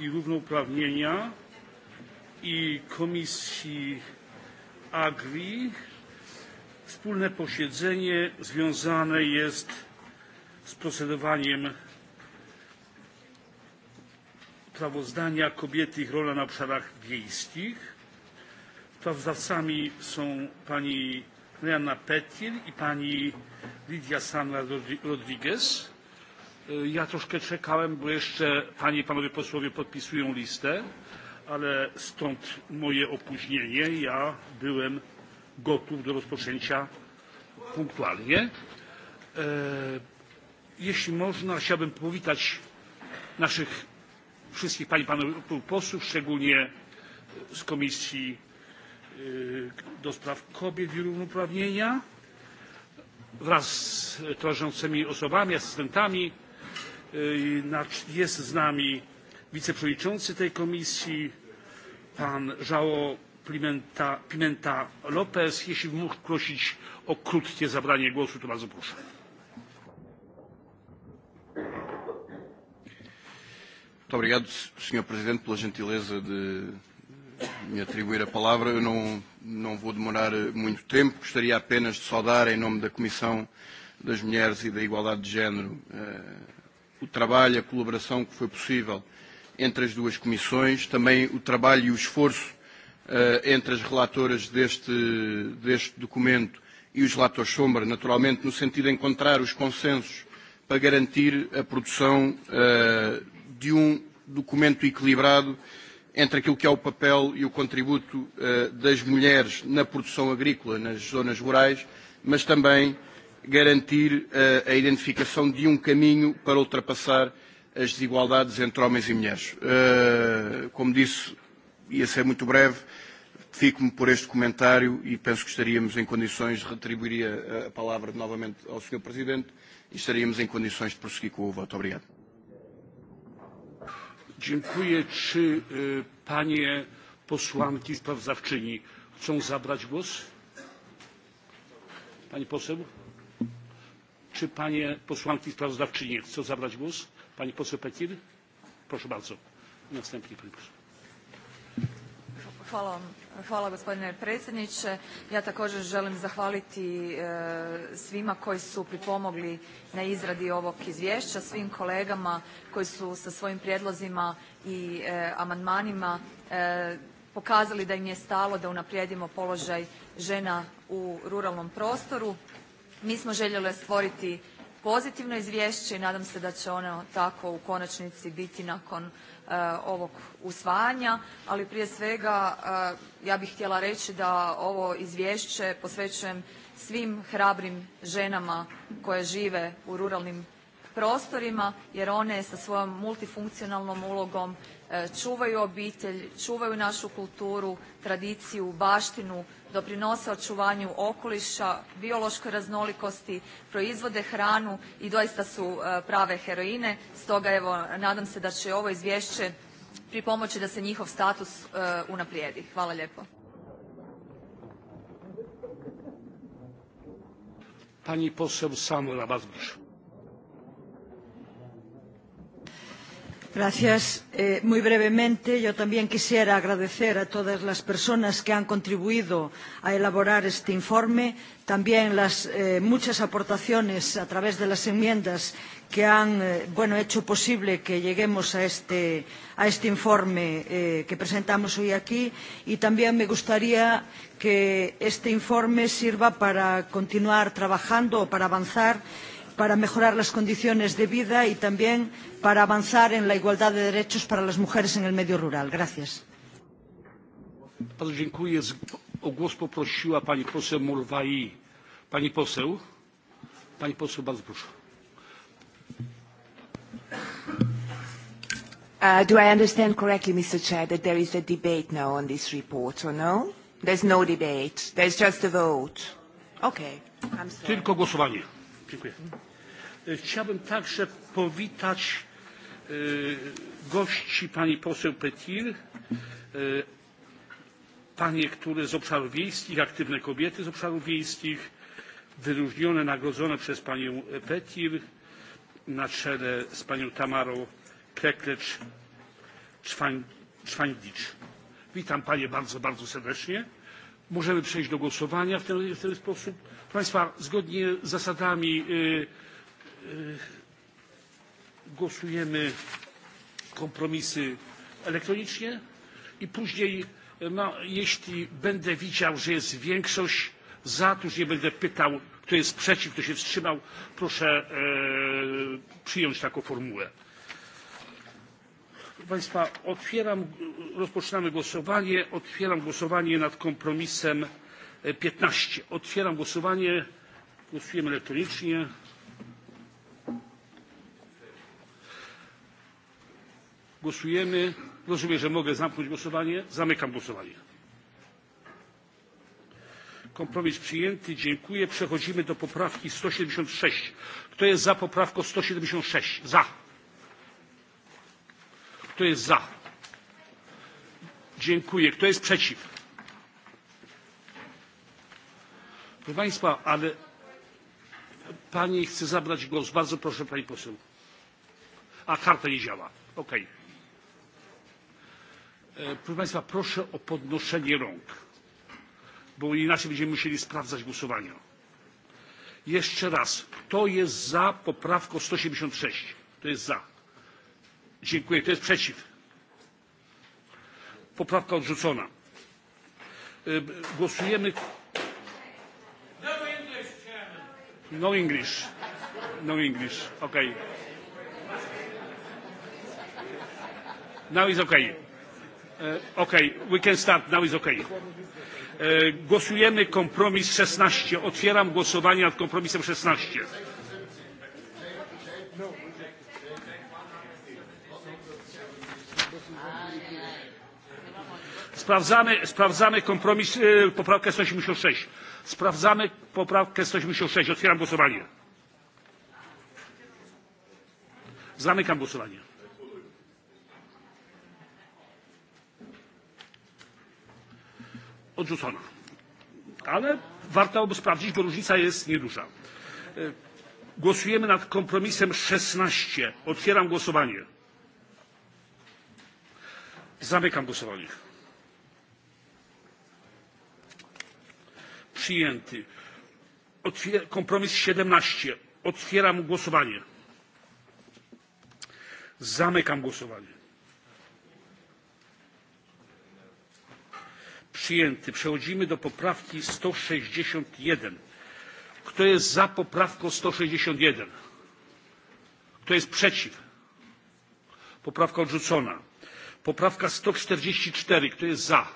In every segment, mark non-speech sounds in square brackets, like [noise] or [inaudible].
i równouprawnienia i Komisji Agri. Wspólne posiedzenie związane jest z procedowaniem sprawozdania kobiety i ich rola na obszarach wiejskich. Sprawozdawcami są pani Marianna Petir i pani Lidia Sandra Rodriguez Ja troszkę czekałem, bo jeszcze panie i panowie posłowie podpisują listę, ale stąd moje opóźnienie. Ja byłem gotów do rozpoczęcia punktualnie. E, jeśli można, chciałbym powitać naszych wszystkich pań i panów posłów, szczególnie z Komisji e, do spraw kobiet i równouprawnienia wraz z towarzyszącymi osobami, asystentami Jest z nami wiceprzewodniczący tej komisji, pan João Pimenta, lopes. Lopez. Jeśli mógł prosić o krótkie zabranie głosu, to bardzo proszę. Muito obrigado, Sr. Presidente, pela gentileza de me atribuir a palavra. Eu não, não vou demorar muito tempo. Gostaria apenas de saudar, em nome da Comissão das Mulheres e da Igualdade de Género, eh, o trabalho, e a colaboração que foi possível entre as duas comissões, também o trabalho e o esforço uh, entre as relatoras deste, deste documento e os relatores sombra, naturalmente, no sentido de encontrar os consensos para garantir a produção uh, de um documento equilibrado entre aquilo que é o papel e o contributo uh, das mulheres na produção agrícola nas zonas rurais, mas também garantir eh, a identificação de um caminho para ultrapassar as desigualdades entre homens e mulheres. Eh, como disse, ia ser muito breve, fico-me por este comentário e penso que estaríamos em condições de retribuir eh, a palavra novamente ao Sr. Presidente e estaríamos em condições de prosseguir com o voto. Obrigado. Dziękuję. Czy y, e, panie posłanki sprawozdawczyni chcą zabrać głos? Pani poseł? Czy panie posłanki sprawozdawczynie chcą zabrać głos? Pani poseł Petir? Proszę bardzo. i Następnie pani poseł. Hvala vam. Hvala gospodine predsjedniče. Ja također želim zahvaliti e, svima koji su pripomogli na izradi ovog izvješća, svim kolegama koji su sa svojim prijedlozima i e, amandmanima e, pokazali da im je stalo da unaprijedimo položaj žena u ruralnom prostoru mi smo željeli stvoriti pozitivno izvješće i nadam se da će ono tako u konačnici biti nakon e, ovog usvajanja, ali prije svega e, ja bih htjela reći da ovo izvješće posvećujem svim hrabrim ženama koje žive u ruralnim prostorima jer one sa svojom multifunkcionalnom ulogom e, čuvaju obitelj, čuvaju našu kulturu, tradiciju, baštinu doprinose očuvanju okoliša, biološkoj raznolikosti, proizvode hranu i doista su e, prave heroine. Stoga evo, nadam se da će ovo izvješće pripomoći da se njihov status e, unaprijedi. Hvala lijepo. Pani poseł Samuel Abazgisz. Gracias. Eh, muy brevemente, yo también quisiera agradecer a todas las personas que han contribuido a elaborar este informe, también las eh, muchas aportaciones a través de las enmiendas que han eh, bueno, hecho posible que lleguemos a este, a este informe eh, que presentamos hoy aquí y también me gustaría que este informe sirva para continuar trabajando o para avanzar para mejorar las condiciones de vida y también para avanzar en la igualdad de derechos para las mujeres en el medio rural. Gracias. O głos poprosiła pani poseł Morwai. Pani poseł? Pani poseł, bardzo proszę. Uh, do I understand correctly, Mr. Chair, that there is a debate now on this report, or no? There's no debate. There's just a vote. Okay. I'm sorry. Tylko głosowanie. Dziękuję. E, chciałbym także powitać e, gości pani poseł Petir, e, panie, które z obszarów wiejskich, aktywne kobiety z obszarów wiejskich, wyróżnione, nagrodzone przez panią Petir na czele z panią Tamarą Preklecz Czwańdicz. Witam panie bardzo, bardzo serdecznie. Możemy przejść do głosowania w ten, w ten sposób. Proszę państwa, zgodnie z zasadami y, E, głosujemy kompromisy elektronicznie i później e, no, jeśli będę widział że jest większość za to już nie będę pytał kto jest przeciw kto się wstrzymał proszę e, przyjąć taką formułę. proszę państwa otwieram rozpoczynamy głosowanie otwieram głosowanie nad kompromisem e, piętnaście otwieram głosowanie głosujemy elektronicznie. Głosujemy. Rozumiem, że mogę zamknąć głosowanie. Zamykam głosowanie. Kompromis przyjęty. Dziękuję. Przechodzimy do poprawki 176. Kto jest za poprawką 176? Za. Kto jest za? Dziękuję. Kto jest przeciw? Proszę Państwa, ale Pani chce zabrać głos. Bardzo proszę Pani poseł. A karta nie działa. Okej. Okay. E, proszę Państwa, proszę o podnoszenie rąk, bo inaczej będziemy musieli sprawdzać głosowania. Jeszcze raz, kto jest za poprawką 176? Kto jest za? Dziękuję. Kto jest przeciw? Poprawka odrzucona. E, głosujemy. No English, No English. No English. Okay. Now is okay. E, okej, okay, start, now is okej. E, głosujemy kompromis 16. Otwieram głosowanie nad kompromisem 16. Sprawdzamy, sprawdzamy kompromis, yy, e, poprawkę 186. Sprawdzamy poprawkę 186. Otwieram głosowanie. Zamykam głosowanie. odrzucona. Ale warto by sprawdzić, bo różnica jest nieduża. E, głosujemy nad kompromisem 16. Otwieram głosowanie. Zamykam głosowanie. Przyjęty. Otwier kompromis 17. Otwieram głosowanie. Zamykam głosowanie. przyjęty. przechodzimy do poprawki sto sześćdziesiąt jeden kto jest za poprawką sto sześćdziesiąt jeden kto jest przeciw? poprawka odrzucona. poprawka sto czterdzieści cztery kto jest za?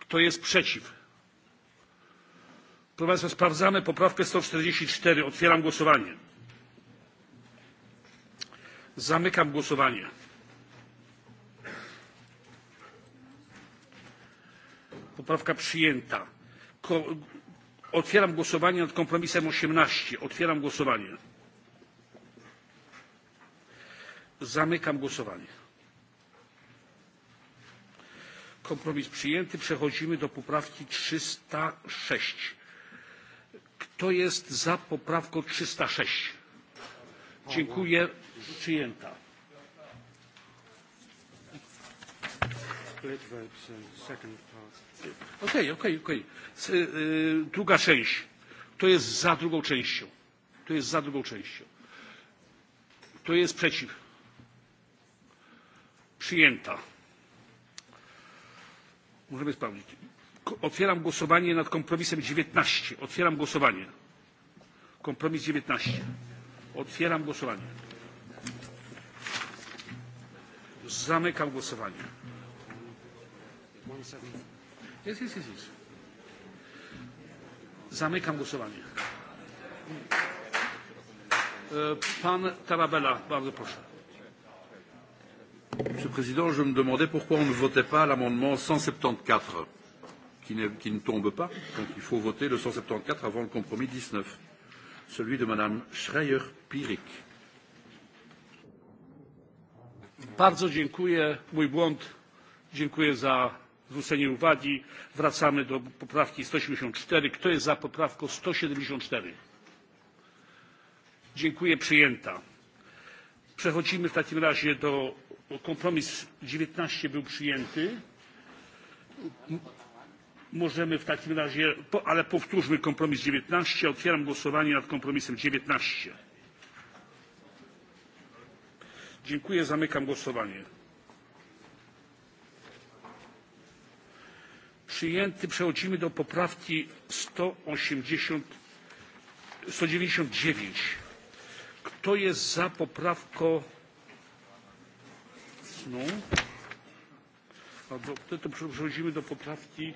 kto jest przeciw? proszę państwa sprawdzamy poprawkę sto czterdzieści cztery otwieram głosowanie. zamykam głosowanie. Poprawka przyjęta. otwieram głosowanie nad kompromisem 18. Otwieram głosowanie. Zamykam głosowanie. Kompromis przyjęty. Przechodzimy do poprawki 306. Kto jest za poprawką 306? Dziękuję. Przyjęta. Okej, okej, okej. E, druga część. To jest za drugą częścią? To jest za drugą częścią? To jest przeciw? Przyjęta. Możemy sprawdzić. Otwieram głosowanie nad kompromisem 19. Otwieram głosowanie. Kompromis 19. Otwieram głosowanie. Zamykam głosowanie. Jest, jest, jest, jest. Zamykam głosowanie. E, pan Tarabella, bardzo proszę. Monsieur le Président, je me demandais pourquoi on ne votait pas l'amendement 174, qui ne, qui ne tombe pas. Donc il faut voter le 174 avant le compromis 19, celui de Madame Schreier-Pirik. Bardzo dziękuję. Mój błąd. Dziękuję za zwrócenie uwagi. Wracamy do poprawki sto siedemdziesiąt cztery Kto jest za poprawką sto siedemdziesiąt cztery Dziękuję, przyjęta. Przechodzimy w takim razie do kompromis dziewiętnaście był przyjęty. Możemy w takim razie, ale powtórzmy kompromis dziewiętnaście Otwieram głosowanie nad kompromisem dziewiętnaście Dziękuję. Zamykam głosowanie. przyjęty. Przechodzimy do poprawki dziewięćdzisiąt dziewięć Kto jest za poprawką? No. Albo to, to przechodzimy do poprawki.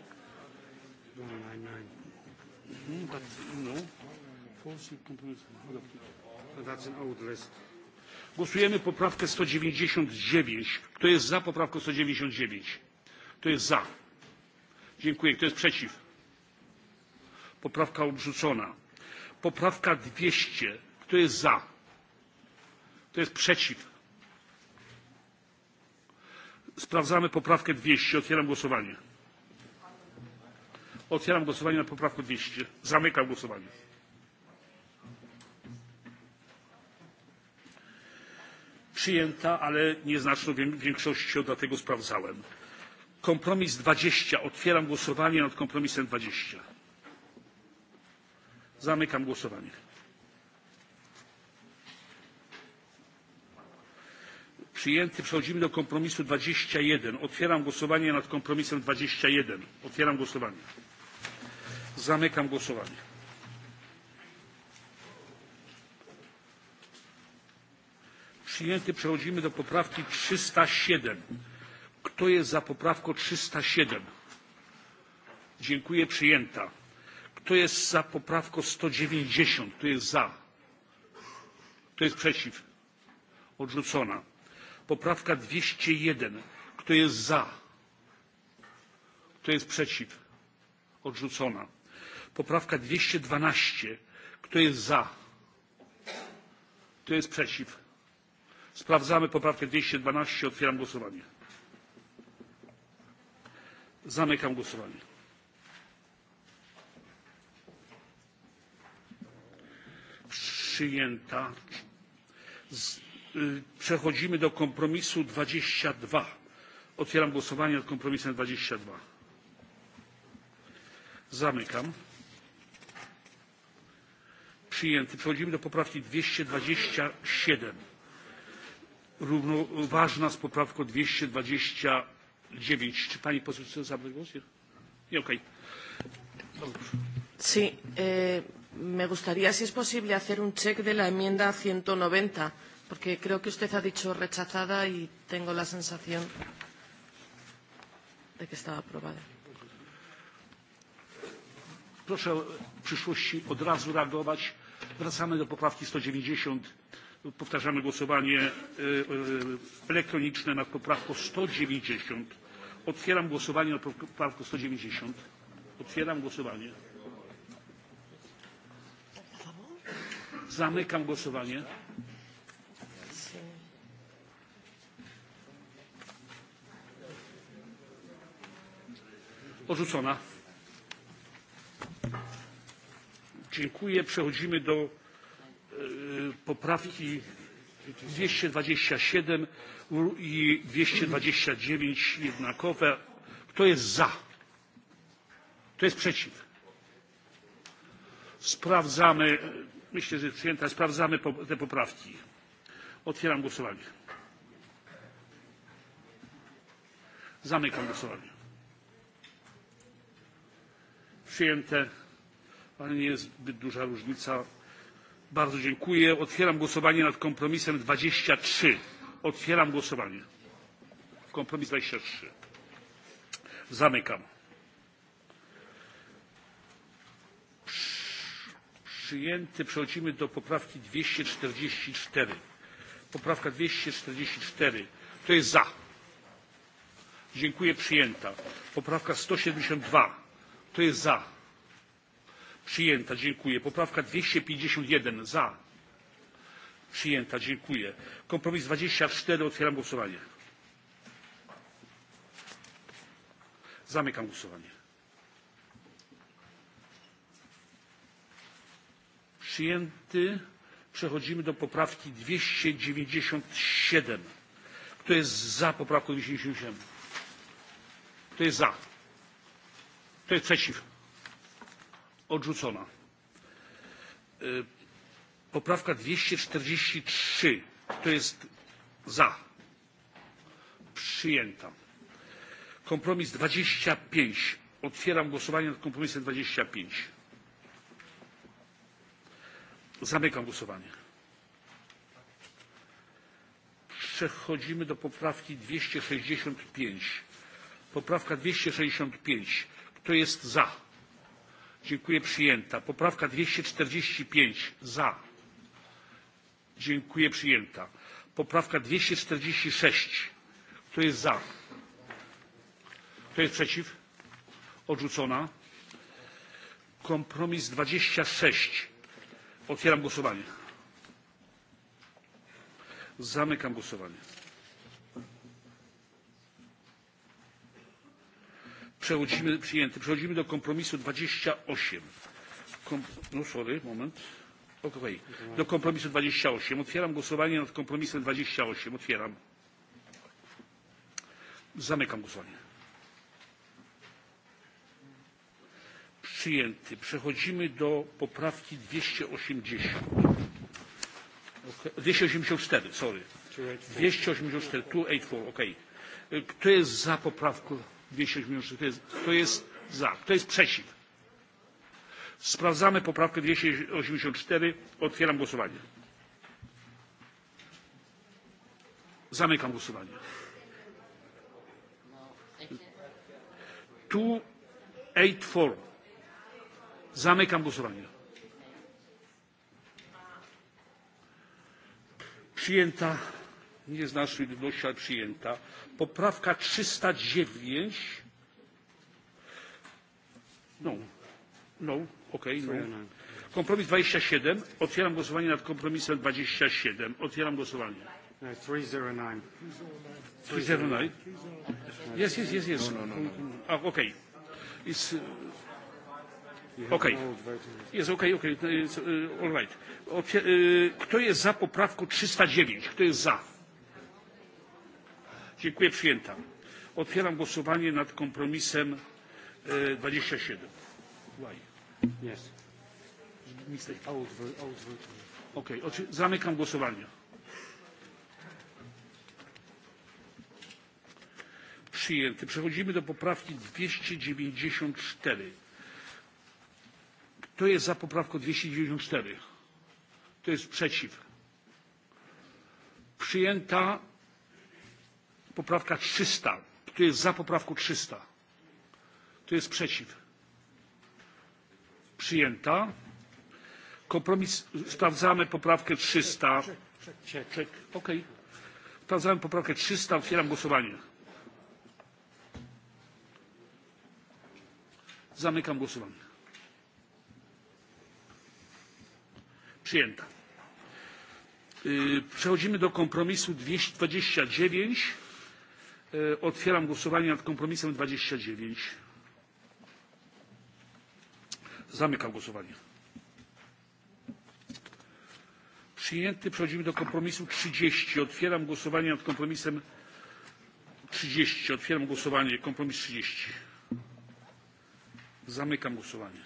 Mhm, no. Głosujemy poprawkę 199. Kto jest za poprawką 199? Kto jest za? Dziękuję. Kto jest przeciw? Poprawka odrzucona. Poprawka 200. Kto jest za? Kto jest przeciw? Sprawdzamy poprawkę 200. Otwieram głosowanie. Otwieram głosowanie na poprawkę 200. Zamykam głosowanie. Przyjęta, ale nieznaczną większością, dlatego sprawdzałem kompromis dwadzieścia otwieram głosowanie nad kompromisem. dwadzieścia zamykam głosowanie. przyjęty. przechodzimy do kompromisu dwadzieścia jeden otwieram głosowanie nad kompromisem. dwadzieścia jeden otwieram głosowanie. zamykam głosowanie. przyjęty. przechodzimy do poprawki trzysta siedem Kto jest za poprawką 307? Dziękuję, przyjęta. Kto jest za poprawką 190? Kto jest za? Kto jest przeciw? Odrzucona. Poprawka 201. Kto jest za? Kto jest przeciw? Odrzucona. Poprawka 212. Kto jest za? Kto jest przeciw? Sprawdzamy poprawkę 212. Otwieram głosowanie. Zamykam głosowanie. Przyjęta. Przechodzimy do kompromisu 22. Otwieram głosowanie nad kompromisem 22. Zamykam. Przyjęty. Przechodzimy do poprawki 227. Równoważna z poprawką 220 dziewięć. Czy pani poseł chce zabrać głos? Nie, okej. Okay. Sí, eh, me gustaría, si es posible, hacer un check de la enmienda 190, porque creo que usted ha dicho rechazada y tengo la sensación de que estaba aprobada. Proszę w przyszłości od razu reagować. Wracamy do poprawki 190 powtarzamy głosowanie e, e, elektroniczne nad poprawką sto dziewięćdzisiąt otwieram głosowanie nad poprawką sto dziewięćdzisiąt otwieram głosowanie zamykam głosowanie odrzucona dziękuję przechodzimy do E, poprawki dwieście dwadzieścia siedem i dwieście dwadzieścia dziewięć jednakowe. kto jest za? kto jest przeciw? sprawdzamy myślę że jest przyjęta sprawdzamy te poprawki. otwieram głosowanie. zamykam głosowanie. przyjęte ale nie jest zbyt duża różnica Bardzo dziękuję. Otwieram głosowanie nad kompromisem 23. Otwieram głosowanie. Kompromis 23. Zamykam. Przyjęty. Przechodzimy do poprawki 244. Poprawka 244. Kto jest za? Dziękuję. Przyjęta. Poprawka 172. Kto jest za? Przyjęta. Dziękuję. Poprawka 251. Za. Przyjęta. Dziękuję. Kompromis 24. Otwieram głosowanie. Zamykam głosowanie. Przyjęty. Przechodzimy do poprawki 297. Kto jest za poprawką 297? Kto jest za? Kto jest przeciw? Odrzucona. E, poprawka 243. Kto jest za? Przyjęta. Kompromis 25. Otwieram głosowanie nad kompromisem 25. Zamykam głosowanie. Przechodzimy do poprawki 265. Poprawka 265. Kto jest za? Dziękuję. Przyjęta. Poprawka pięć Za. Dziękuję. Przyjęta. Poprawka dwieście czterdzieści sześć Kto jest za? Kto jest przeciw? Odrzucona. Kompromis dwadzieścia sześć Otwieram głosowanie. Zamykam głosowanie. Przechodzimy, przyjęty. Przechodzimy do kompromisu 28. osiem no sorry, moment. Do kompromisu 28. Otwieram głosowanie nad kompromisem 28. Otwieram. Zamykam głosowanie. Przyjęty. Przechodzimy do poprawki dwieście osiemdziesiąt cztery sorry. dwieście osiemdziesiąt cztery ok Kto jest za poprawką? dwieście osiemdziesiąt kto jest za kto jest przeciw? sprawdzamy poprawkę dwieście osiemdziesiąt cztery otwieram głosowanie. zamykam głosowanie. two eight four zamykam głosowanie. przyjęta nie jest jedności ludności, ale przyjęta. Poprawka 309. No, no, okej, okay, no. Kompromis 27. Otwieram głosowanie nad kompromisem 27. Otwieram głosowanie. 309. 309. Yes, yes, yes, yes. No, no, no. Ah, Jest okej, okej, e, e, all right. E, kto jest za poprawką 309? Kto jest za? Dziękuję. Przyjęta. Otwieram głosowanie nad kompromisem e, dwadzieścia siedem Zamykam głosowanie. Przyjęty. Przechodzimy do poprawki dwieście cztery Kto jest za poprawką dwieście dziewięćdzisiąt cztery Kto jest przeciw? Przyjęta poprawka trzysta kto jest za poprawką trzysta kto jest przeciw? przyjęta. kompromis sprawdzamy poprawkę trzysta Ok. sprawdzamy poprawkę trzysta otwieram głosowanie. zamykam głosowanie. przyjęta. Przechodzimy do kompromisu dwieście dwadzieścia dziewięć E, otwieram głosowanie nad kompromisem 29. Zamykam głosowanie. Przyjęty. Przechodzimy do kompromisu 30. Otwieram głosowanie nad kompromisem 30. Otwieram głosowanie. Kompromis 30. Zamykam głosowanie.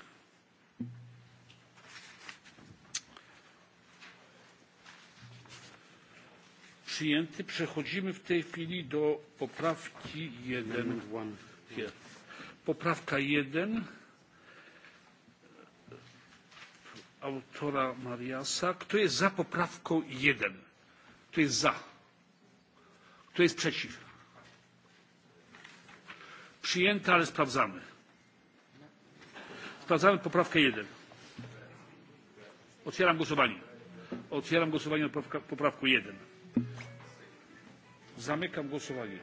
przyjęty. Przechodzimy w tej chwili do poprawki 1. Poprawka 1 autora Mariasa. Kto jest za poprawką 1? Kto jest za? Kto jest przeciw? Przyjęta, ale sprawdzamy. Sprawdzamy poprawkę 1. Otwieram głosowanie. Otwieram głosowanie na poprawkę 1. Zamykam głosowanie.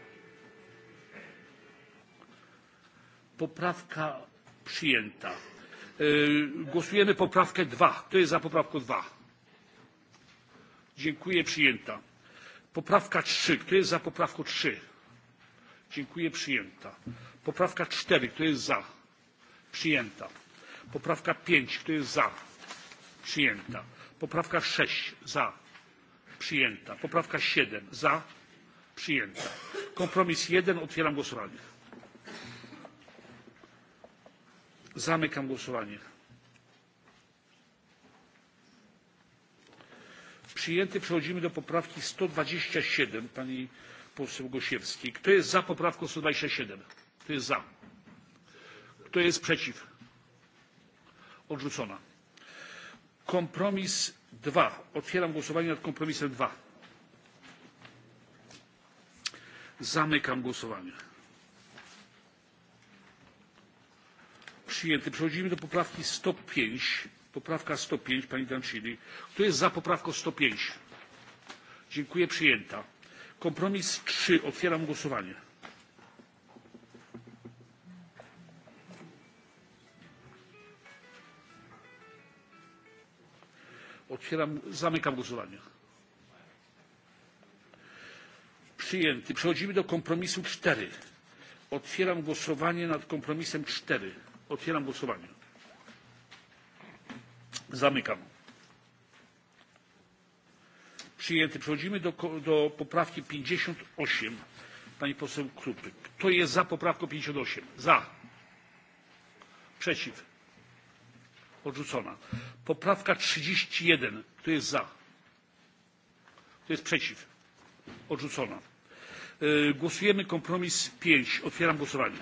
Poprawka przyjęta. Głosujemy poprawkę 2. Kto jest za poprawką 2? Dziękuję, przyjęta. Poprawka 3. Kto jest za poprawką 3? Dziękuję, przyjęta. Poprawka 4. Kto jest za? Przyjęta. Poprawka 5. Kto jest za? Przyjęta. Poprawka 6. Za Przyjęta. Poprawka 7. Za. Przyjęta. Kompromis 1. Otwieram głosowanie. Zamykam głosowanie. Przyjęty. Przechodzimy do poprawki 127 pani poseł Gosiewskiej. Kto jest za poprawką 127? Kto jest za? Kto jest przeciw? Odrzucona. Kompromis dwa otwieram głosowanie nad kompromisem. dwa zamykam głosowanie. przyjęty. przechodzimy do poprawki sto pięć poprawka sto pięć pani dancili. kto jest za poprawką? sto pięć dziękuję przyjęta. kompromis trzy otwieram głosowanie. zamykam głosowanie. Przyjęty. Przechodzimy do kompromisu 4. Otwieram głosowanie nad kompromisem 4. Otwieram głosowanie. Zamykam. Przyjęty. Przechodzimy do, do poprawki 58. Pani poseł Krupy. Kto jest za poprawką 58? Za. Przeciw Odrzucona. Poprawka 31. Kto jest za? Kto jest przeciw? Odrzucona. Yy, e, głosujemy kompromis 5. Otwieram głosowanie.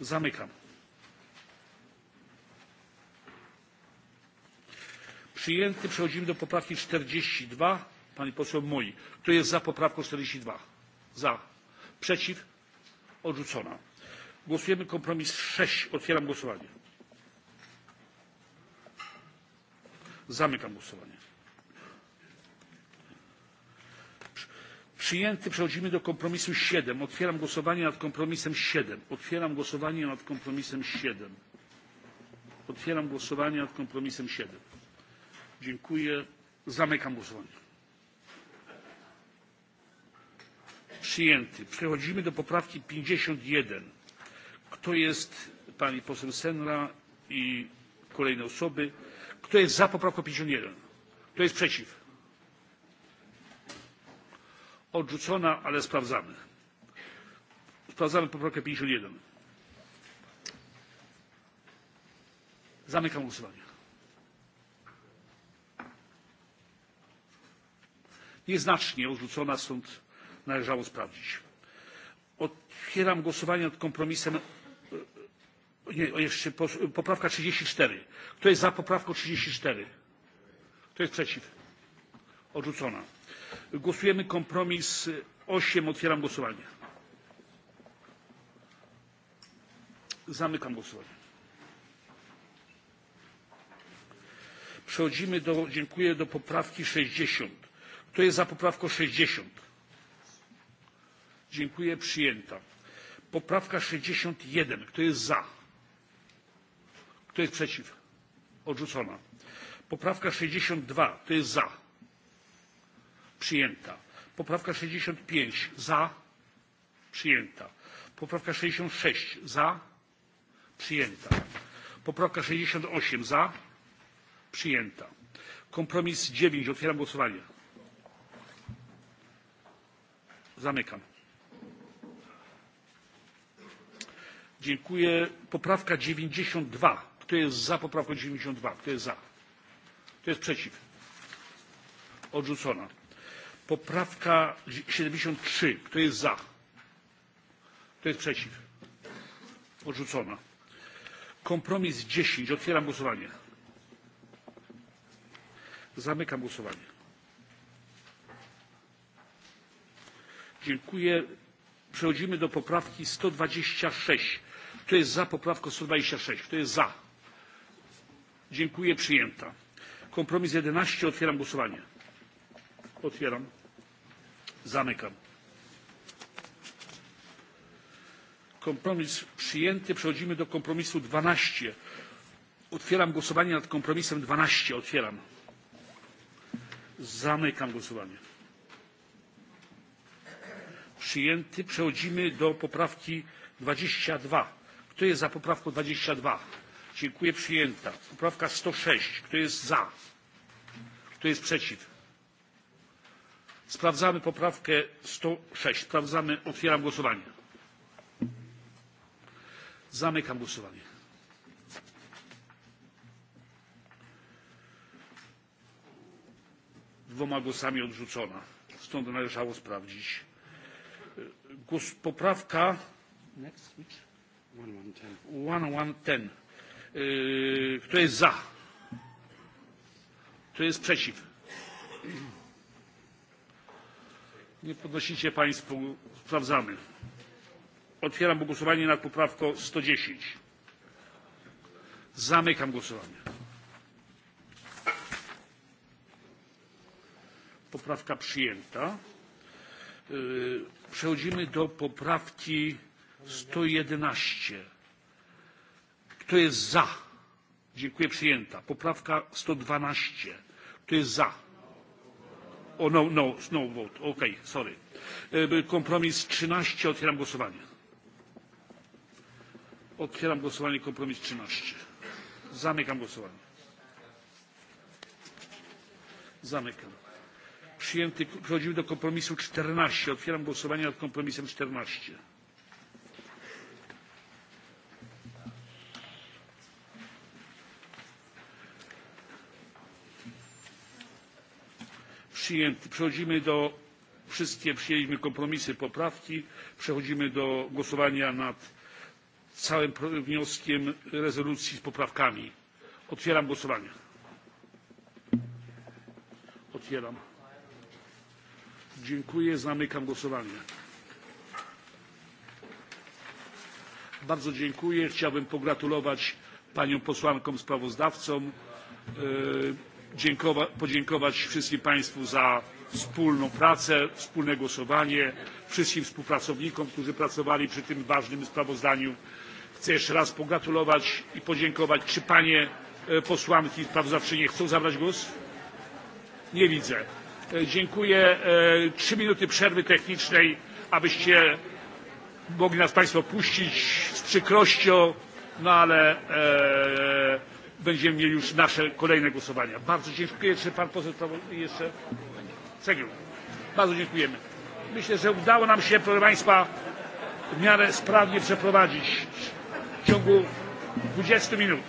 Zamykam. Przyjęty. Przechodzimy do poprawki 42. Pani poseł Moi. Kto jest za poprawką 42? Za. Przeciw? Odrzucona Głosujemy kompromis 6. Otwieram głosowanie. Zamykam głosowanie. Przyjęty. Przechodzimy do kompromisu 7. Otwieram głosowanie nad kompromisem 7. Otwieram głosowanie nad kompromisem 7. Otwieram głosowanie nad kompromisem 7. Dziękuję. Zamykam głosowanie. Przyjęty. Przechodzimy do poprawki 51 Kto jest, pani poseł Senra i kolejne osoby, kto jest za poprawką pięćdziesiąt jeden Kto jest przeciw? Odrzucona, ale sprawdzamy. Sprawdzamy poprawkę pięćdziesiąt jeden Zamykam głosowanie. Nieznacznie odrzucona, stąd należało sprawdzić. Otwieram głosowanie nad kompromisem nie, jeszcze poprawka 34. Kto jest za poprawką trzydzieści cztery Kto jest przeciw? Odrzucona. Głosujemy kompromis osiem Otwieram głosowanie. Zamykam głosowanie. przechodzimy do dziękuję do poprawki sześćdziesiąt kto jest za poprawką sześćdziesiąt dziękuję przyjęta poprawka sześćdziesiąt jeden kto jest za Kto jest przeciw? Odrzucona. Poprawka 62. Kto jest za? Przyjęta. Poprawka 65. Za? Przyjęta. Poprawka 66. Za? Przyjęta. Poprawka 68. Za? Przyjęta. Kompromis 9. Otwieram głosowanie. Zamykam. Dziękuję. Poprawka 92 Kto jest za poprawką 92? Kto jest za? Kto jest przeciw? Odrzucona. Poprawka trzy Kto jest za? Kto jest przeciw? Odrzucona. Kompromis 10. Otwieram głosowanie. Zamykam głosowanie. Dziękuję. Przechodzimy do poprawki 126. Kto jest za poprawką 126? Kto jest za? Dziękuję. Przyjęta. Kompromis 11. Otwieram głosowanie. Otwieram. Zamykam. Kompromis przyjęty. Przechodzimy do kompromisu 12. Otwieram głosowanie nad kompromisem 12. Otwieram. Zamykam głosowanie. Przyjęty. Przechodzimy do poprawki 22. Kto jest za poprawką 22? Dziękuję. Przyjęta. Poprawka 106. Kto jest za? Kto jest przeciw? Sprawdzamy poprawkę 106. Sprawdzamy. Otwieram głosowanie. Zamykam głosowanie. Dwoma głosami odrzucona. Stąd należało sprawdzić. Głos, poprawka 1110. Kto jest za? Kto jest przeciw? Nie podnosicie państwo. Sprawdzamy. Otwieram głosowanie nad poprawką 110. Zamykam głosowanie. Poprawka przyjęta. Przechodzimy do poprawki 111. Kto jest za? Dziękuję, przyjęta. Poprawka 112. Kto jest za? Oh, no, no, no vote. OK, sorry. E, kompromis 13. Otwieram głosowanie. Otwieram głosowanie kompromis 13. Zamykam głosowanie. Zamykam. Przyjęty. Przechodzimy do kompromisu 14. Otwieram głosowanie nad kompromisem 14. przyjęty. przechodzimy do wszystkie przyjęliśmy kompromisy poprawki przechodzimy do głosowania nad całym wnioskiem rezolucji z poprawkami. otwieram głosowanie. otwieram. dziękuję. zamykam głosowanie. bardzo dziękuję. chciałbym pogratulować paniom posłankom sprawozdawcom podziękować wszystkim Państwu za wspólną pracę, wspólne głosowanie, wszystkim współpracownikom, którzy pracowali przy tym ważnym sprawozdaniu. Chcę jeszcze raz pogratulować i podziękować. Czy Panie e, posłanki sprawozdawczynie chcą zabrać głos? Nie widzę. E, dziękuję. E, trzy minuty przerwy technicznej, abyście mogli nas Państwo puścić z przykrością, no ale będziemy mieli już nasze kolejne głosowania. Bardzo dziękuję. Czy pan poseł jeszcze? Cegiel. Bardzo dziękujemy. Myślę, że udało nam się, proszę państwa, w miarę sprawnie przeprowadzić w ciągu 20 minut.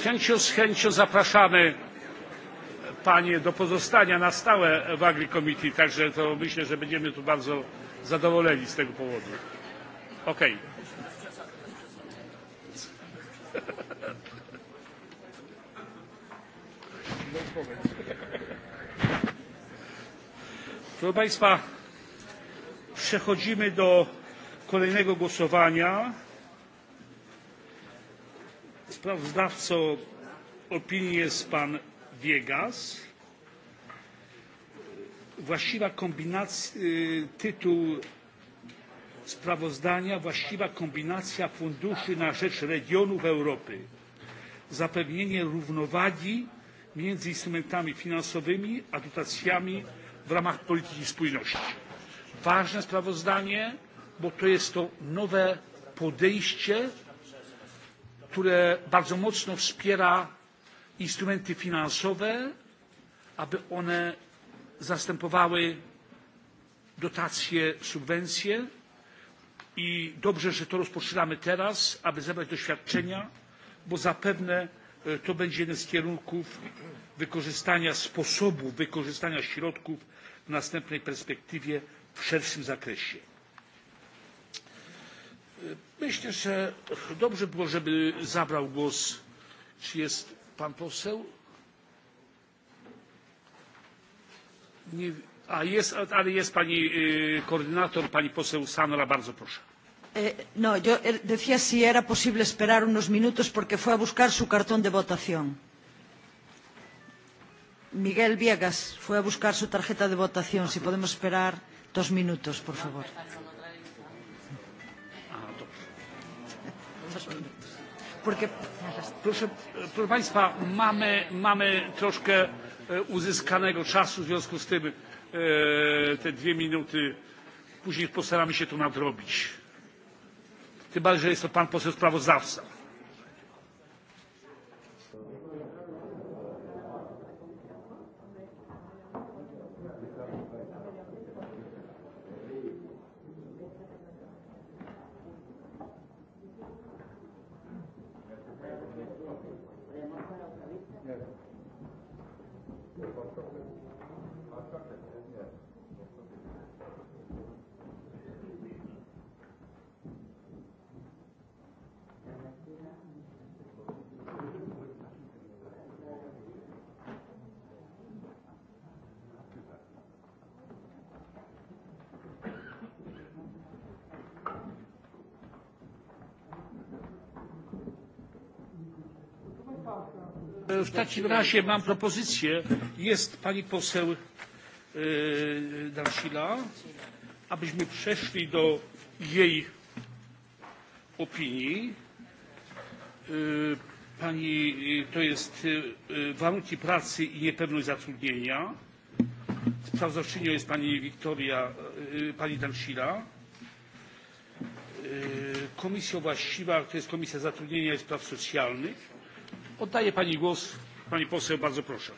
chęcią, z chęcią zapraszamy panie do pozostania na stałe w agri committee także to myślę że będziemy tu bardzo zadowoleni z tego powodu. Okay. Proszę Państwa, przechodzimy do kolejnego głosowania sprawozdawcą opinii jest pan viegas. właściwa kombinacja tytuł sprawozdania właściwa kombinacja funduszy na rzecz regionów europy zapewnienie równowagi między instrumentami finansowymi a dotacjami w ramach polityki spójności. ważne sprawozdanie bo to jest to nowe podejście które bardzo mocno wspiera instrumenty finansowe, aby one zastępowały dotacje, subwencje i dobrze, że to rozpoczynamy teraz, aby zebrać doświadczenia, bo zapewne e, to będzie jeden z kierunków wykorzystania sposobu wykorzystania środków w następnej perspektywie w szerszym zakresie. E, myślę, że dobrze było, żeby zabrał głos. Czy jest pan poseł? Nie, a jest, ale jest pani y, koordynator, pani poseł Sanola, bardzo proszę. E, no, yo er, decía si era posible esperar unos minutos porque fue a buscar su cartón de votación. Miguel Viegas fue a buscar su tarjeta de votación. Si podemos esperar dos minutos, por favor. Porque, proszę, proszę Państwa, mamy, mamy troszkę e, uzyskanego czasu, w związku z tym e, te dwie minuty, później postaramy się to nadrobić. Tym bardziej, że jest to pan poseł sprawozdawca. W takim razie mam propozycję. Jest pani poseł e, Darsila, abyśmy przeszli do jej opinii. E, pani, to jest e, warunki pracy i niepewność zatrudnienia. Sprawozdawczynią jest pani Wiktoria, pani Dansila. Komisja właściwa to jest Komisja Zatrudnienia i Spraw Socjalnych Oddaję Pani głos. Pani poseł, bardzo proszę.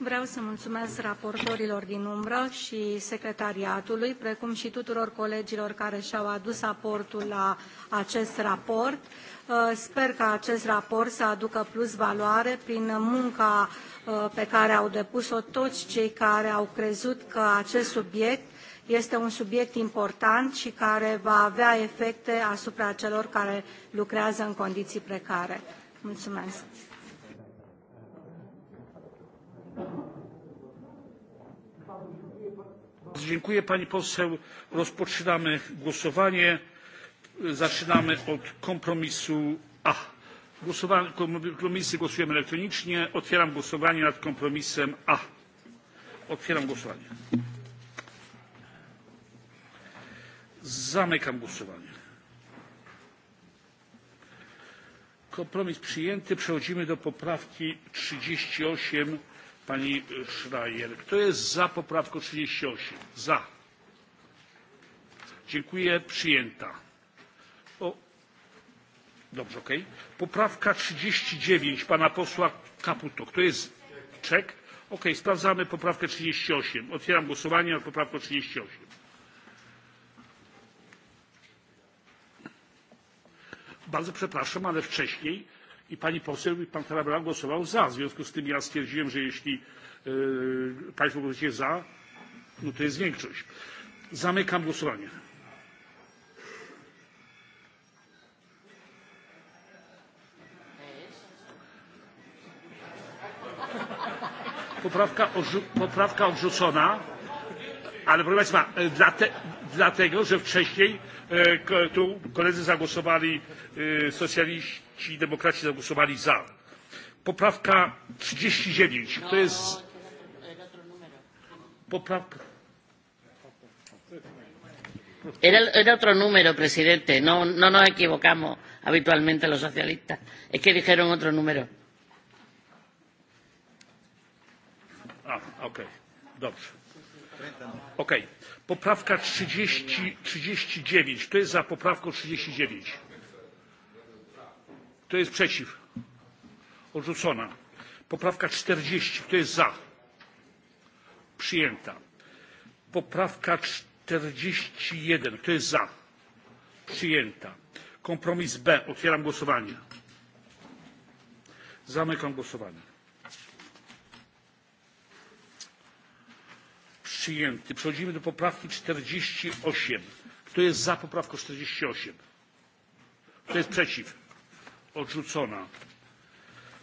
Vreau să mulțumesc raportorilor din umbră și secretariatului, precum și tuturor colegilor care și-au adus aportul la acest raport. Uh, sper că acest raport să aducă plus valoare prin munca uh, pe care au depus-o toți cei care au crezut că acest subiect Este un subiect important și care va avea efecte asupra celor care lucrează în condiții precare. Mulțumesc! Dziękuję pani poseł. Rozpoczynamy głosowanie. Zaczynamy od kompromisu A. Głosowanie, kompromisy głosujemy elektronicznie. Otwieram głosowanie nad kompromisem A. Otwieram głosowanie. Zamykam głosowanie. Kompromis przyjęty. Przechodzimy do poprawki 38 pani Schreier. Kto jest za poprawką 38? Za. Dziękuję. Przyjęta. O. Dobrze, okej. Okay. Poprawka 39 pana posła Kaputo. Kto jest? Czek? Okej, okay, sprawdzamy poprawkę 38. Otwieram głosowanie nad poprawką 38. bardzo przepraszam ale wcześniej i pani poseł i pan tarabella głosował za w związku z tym ja stwierdziłem że jeśli e, państwo głosujecie za no to jest większość. zamykam głosowanie. poprawka odrzucona ale proszę Państwa, e, dlate, dlatego, że wcześniej e, tu koledzy zagłosowali, e, socjaliści i demokraci zagłosowali za. Poprawka 39, to jest... Poprawka... Era, era otro número, presidente. No, no nos equivocamos habitualmente los socialistas. Es que dijeron otro número. Ah, ok. Dobrze. Okej. Okay. Poprawka 30, 39. Kto jest za poprawką 39? Kto jest przeciw? Odrzucona. Poprawka 40. Kto jest za? Przyjęta. Poprawka 41. Kto jest za? Przyjęta. Kompromis B. Otwieram głosowanie. Zamykam głosowanie. przyjęty. Przechodzimy do poprawki 48. Kto jest za poprawką 48? Kto jest przeciw? Odrzucona.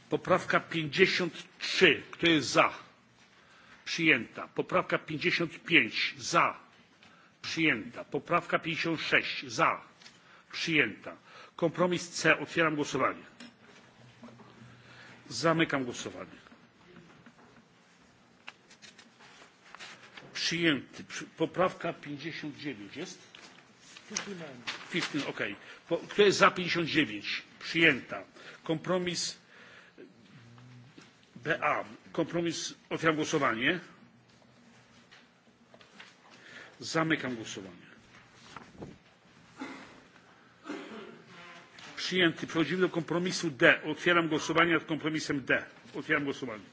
Poprawka 53. Kto jest za? Przyjęta. Poprawka 55. Za. Przyjęta. Poprawka 56. Za. Przyjęta. Kompromis C. Otwieram głosowanie. Zamykam głosowanie. Przyjęty. Poprawka 59 jest? 15, okej. Okay. Kto jest za 59? Przyjęta. Kompromis BA. Kompromis, otwieram głosowanie. Zamykam głosowanie. Przyjęty. Przechodzimy do kompromisu D. Otwieram głosowanie nad kompromisem D. Otwieram głosowanie.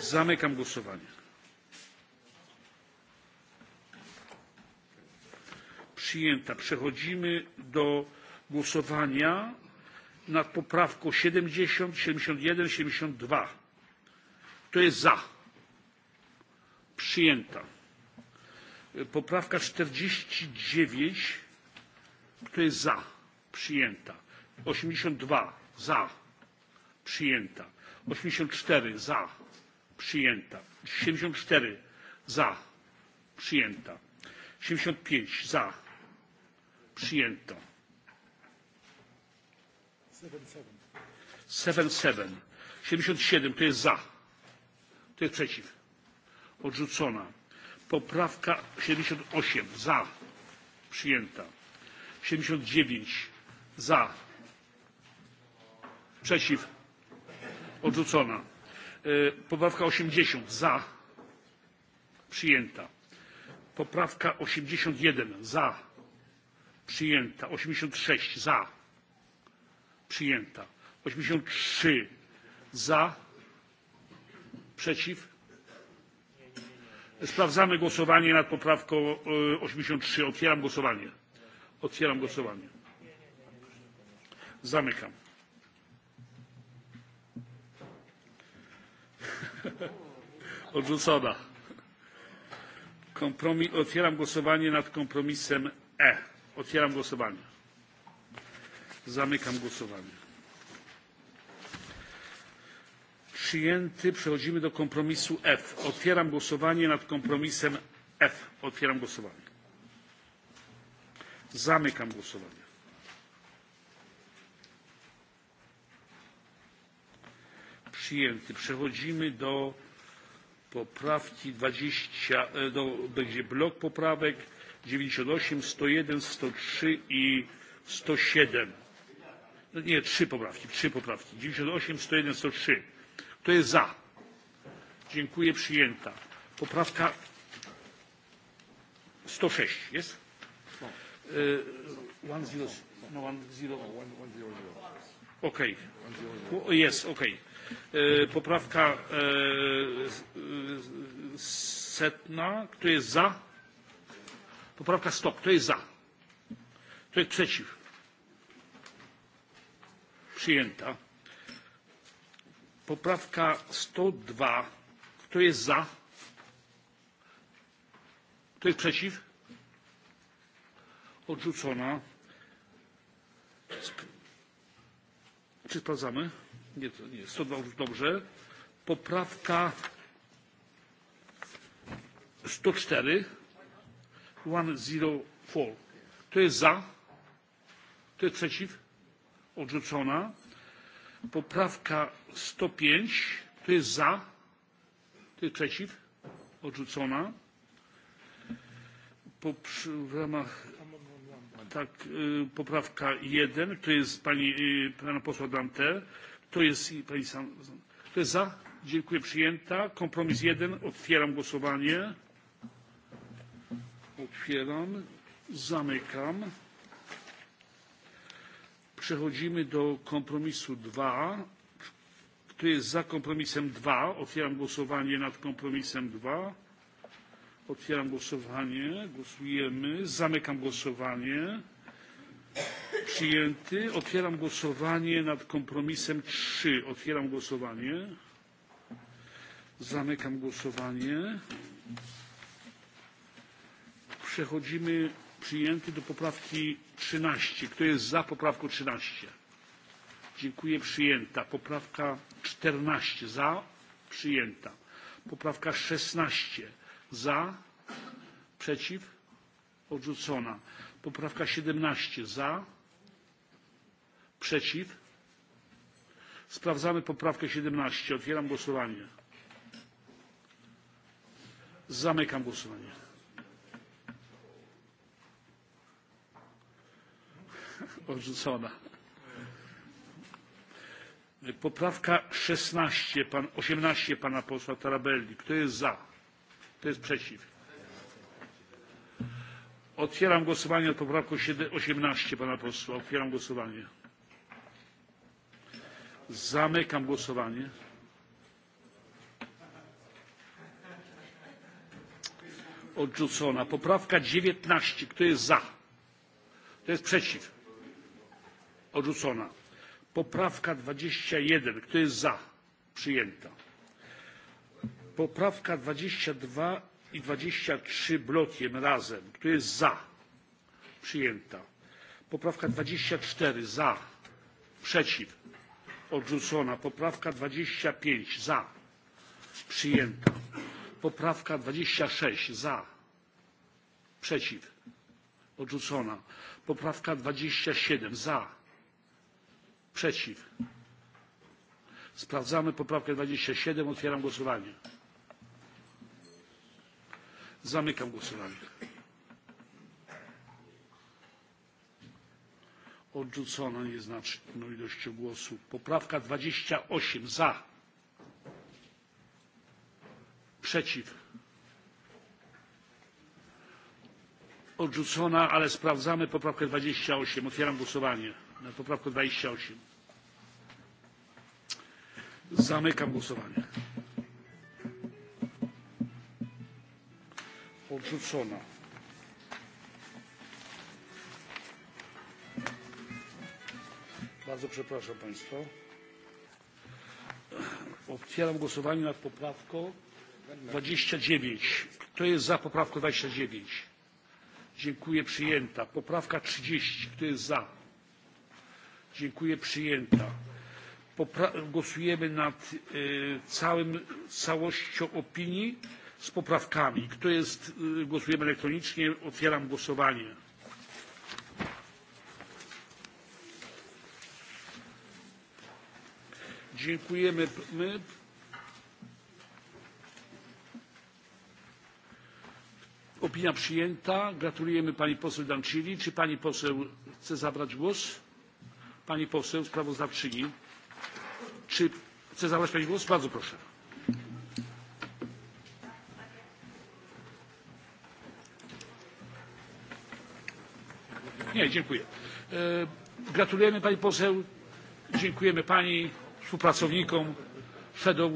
Zamykam głosowanie. Przyjęta. Przechodzimy do głosowania nad poprawką 70, 71, 72. Kto jest za? Przyjęta. Poprawka 49. Kto jest za? Przyjęta. 82. Za. Przyjęta. 84. Za Przyjęta. 74. Za. Przyjęta. 75. Za. przyjęta. 77. 77. To jest za. To jest przeciw. Odrzucona. Poprawka 78. Za. Przyjęta. 79. Za. Przeciw. Odrzucona E, poprawka osiemdziesiąt za przyjęta poprawka osiemdziesiąt jeden za przyjęta osiemdziesiąt sześć za przyjęta osiemdziesiąt trzy za przeciw sprawdzamy głosowanie nad poprawką e, osiemdziesiąt trzy otwieram głosowanie otwieram głosowanie zamykam [laughs] Odrzucona. Kompromis, otwieram głosowanie nad kompromisem E. Otwieram głosowanie. Zamykam głosowanie. Przyjęty. Przechodzimy do kompromisu F. Otwieram głosowanie nad kompromisem F. Otwieram głosowanie. Zamykam głosowanie. przyjęty. Przechodzimy do poprawki 20, e, do, będzie blok poprawek 98, 101, 103 i 107. No nie, trzy poprawki, trzy poprawki. 98, 101, 103. Kto jest za? Dziękuję, przyjęta. Poprawka 106 jest? No. E, no. One zero, no one zero, one, one zero zero. Okej. Jest, okej. Poprawka e, e, setna. Kto jest za? Poprawka 100. Kto jest za? Kto jest przeciw? Przyjęta. Poprawka 102. Kto jest za? Kto jest przeciw? Odrzucona czy sprawdzamy? Nie, to nie. 102 już dobrze. Poprawka 104. 104. To jest za? To jest przeciw? Odrzucona. Poprawka 105. Kto jest za? Kto jest przeciw? Odrzucona. Po, w ramach tak poprawka jeden to jest pani pana posła Dante, to jest i pani San, to jest za dziękuję przyjęta kompromis jeden otwieram głosowanie otwieram zamykam przechodzimy do kompromisu dwa kto jest za kompromisem dwa otwieram głosowanie nad kompromisem dwa Otwieram głosowanie. Głosujemy. Zamykam głosowanie. Przyjęty. Otwieram głosowanie nad kompromisem 3. Otwieram głosowanie. Zamykam głosowanie. Przechodzimy przyjęty do poprawki 13. Kto jest za poprawką 13? Dziękuję. Przyjęta. Poprawka 14. Za. Przyjęta. Poprawka 16 za, przeciw, odrzucona. Poprawka 17 za, przeciw. Sprawdzamy poprawkę 17. Otwieram głosowanie. Zamykam głosowanie. [laughs] Odrzucona. Poprawka 16, pan, 18 pana posła Tarabelli. Kto jest za? Kto jest przeciw? Otwieram głosowanie nad poprawką 18 pana posła. Otwieram głosowanie. Zamykam głosowanie. Odrzucona. Poprawka 19. Kto jest za? Kto jest przeciw? Odrzucona. Poprawka 21. Kto jest za? Przyjęta poprawka dwadzieścia dwa i dwadzieścia trzy blokiem razem kto jest za? przyjęta. poprawka dwadzieścia cztery za przeciw odrzucona. poprawka dwadzieścia pięć za przyjęta. poprawka dwadzieścia sześć za przeciw odrzucona. poprawka dwadzieścia siedem za przeciw sprawdzamy poprawkę dwadzieścia siedem otwieram głosowanie. Zamykam głosowanie. Odrzucona nieznaczną ilością głosów. Poprawka 28 za. Przeciw. Odrzucona, ale sprawdzamy poprawkę 28. Otwieram głosowanie na poprawkę 28. Zamykam głosowanie. odrzucona. Bardzo przepraszam Państwa. Otwieram głosowanie nad poprawką 29. Kto jest za poprawką 29? Dziękuję, przyjęta. Poprawka 30. Kto jest za? Dziękuję, przyjęta. Popra głosujemy nad y, całym, całością opinii z poprawkami. Kto jest, głosujemy elektronicznie. Otwieram głosowanie. Dziękujemy. My. Opinia przyjęta. Gratulujemy pani poseł Dancili. Czy pani poseł chce zabrać głos? Pani poseł sprawozdawczyni. Czy chce zabrać pani głos? Bardzo proszę. Nie, dziękuję. E, gratulujemy pani poseł, dziękujemy pani współpracownikom, shadow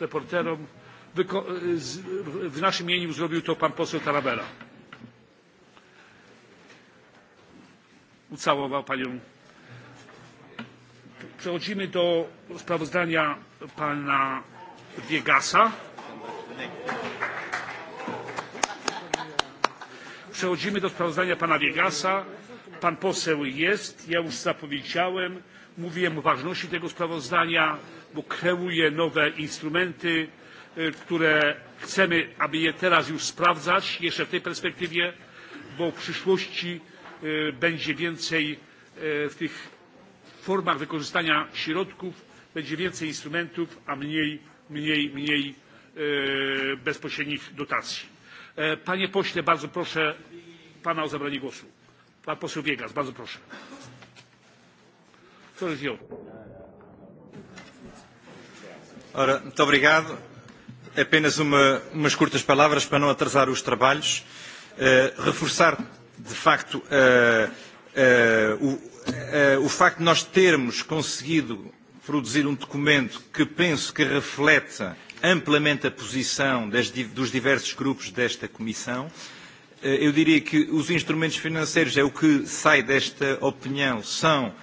reporterom. E, w naszym imieniu zrobił to pan poseł Tarabella. Ucałował panią. Przechodzimy do sprawozdania pana Wiegasa. przechodzimy do sprawozdania pana viegasa pan poseł jest ja już zapowiedziałem mówiłem o ważności tego sprawozdania bo kreuje nowe instrumenty które chcemy aby je teraz już sprawdzać jeszcze w tej perspektywie bo w przyszłości będzie więcej w tych formach wykorzystania środków będzie więcej instrumentów a mniej mniej mniej bezpośrednich dotacji. E, panie pośle bardzo proszę pana o zabranie głosu. Pan poseł Biegas, bardzo proszę. Ora, muito obrigado. Apenas uma, umas curtas palavras para não atrasar os trabalhos. Uh, reforçar, de facto, uh, uh, o, uh, o facto de nós termos conseguido produzir um documento que penso que reflete amplamente a posição das, dos diversos grupos desta Comissão. Uh, Eh, eu diria que os instrumentos financeiros, é o que sai desta opinião, são uh,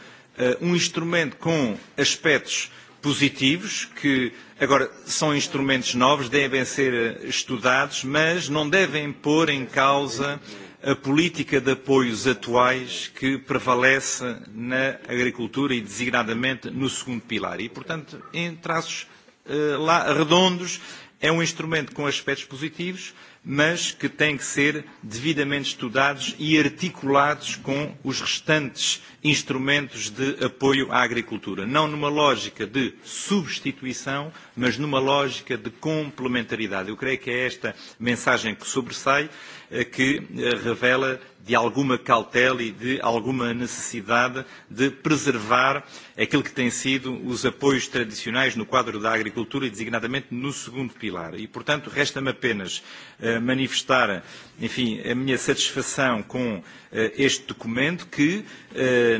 um instrumento com aspectos positivos, que agora são instrumentos novos, devem ser eh, estudados, mas não devem pôr em causa a política de apoios atuais que prevalece na agricultura e designadamente no segundo pilar. E, portanto, em traços uh, lá redondos, é um instrumento com aspectos positivos, eh, mas que têm que ser devidamente estudados e articulados com os restantes instrumentos de apoio à agricultura. Não numa lógica de substituição, mas numa lógica de complementaridade. Eu creio que é esta mensagem que sobressai Eh, que eh, revela de alguma cautela e de alguma necessidade de preservar aquilo que tem sido os apoios tradicionais no quadro da agricultura e designadamente no segundo pilar. E, portanto, resta-me apenas eh, manifestar, enfim, a minha satisfação com este documento que,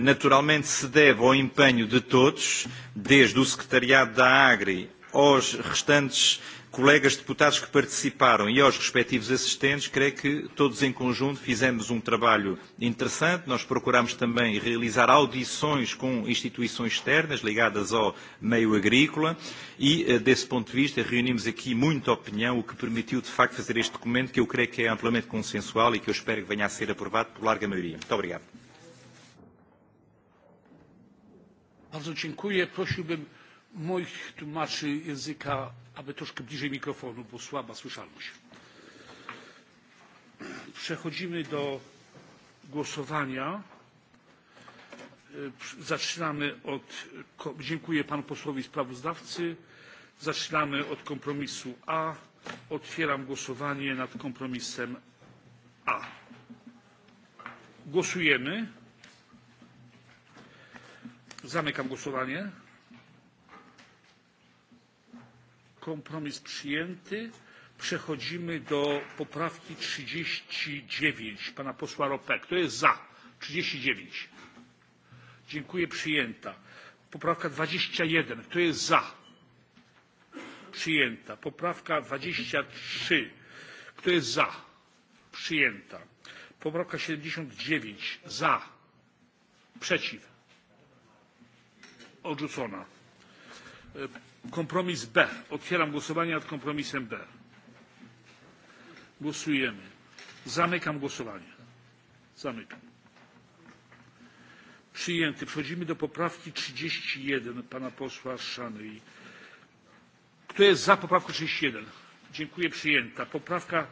naturalmente, se deve ao empenho de todos, desde o Secretariado da Agri aos restantes colegas deputados que participaram e aos respectivos assistentes, creio que todos em conjunto fizemos um trabalho interessante. Nós procuramos também realizar audições com instituições externas ligadas ao meio agrícola e, eh, desse ponto de vista, reunimos aqui muita opinião, o que permitiu, de facto, fazer este documento que eu creio que é amplamente consensual e que eu espero que venha a ser aprovado por larga maioria. Muito obrigado. Bardzo dziękuję. Prosiłbym moich tłumaczy języka aby troszkę bliżej mikrofonu, bo słaba słyszalność. Przechodzimy do głosowania. E, zaczynamy od, dziękuję panu posłowi sprawozdawcy. Zaczynamy od kompromisu A. Otwieram głosowanie nad kompromisem A. Głosujemy. Zamykam głosowanie. kompromis przyjęty. Przechodzimy do poprawki 39 pana posła Rope. Kto jest za? 39. Dziękuję, przyjęta. Poprawka 21. Kto jest za? Przyjęta. Poprawka 23. Kto jest za? Przyjęta. Poprawka 79. Za. Przeciw. Odrzucona Kompromis B. Otwieram głosowanie nad kompromisem B. Głosujemy. Zamykam głosowanie. Zamykam. Przyjęty. Przechodzimy do poprawki 31 pana posła Szany. Kto jest za poprawką 31? Dziękuję. Przyjęta. Poprawka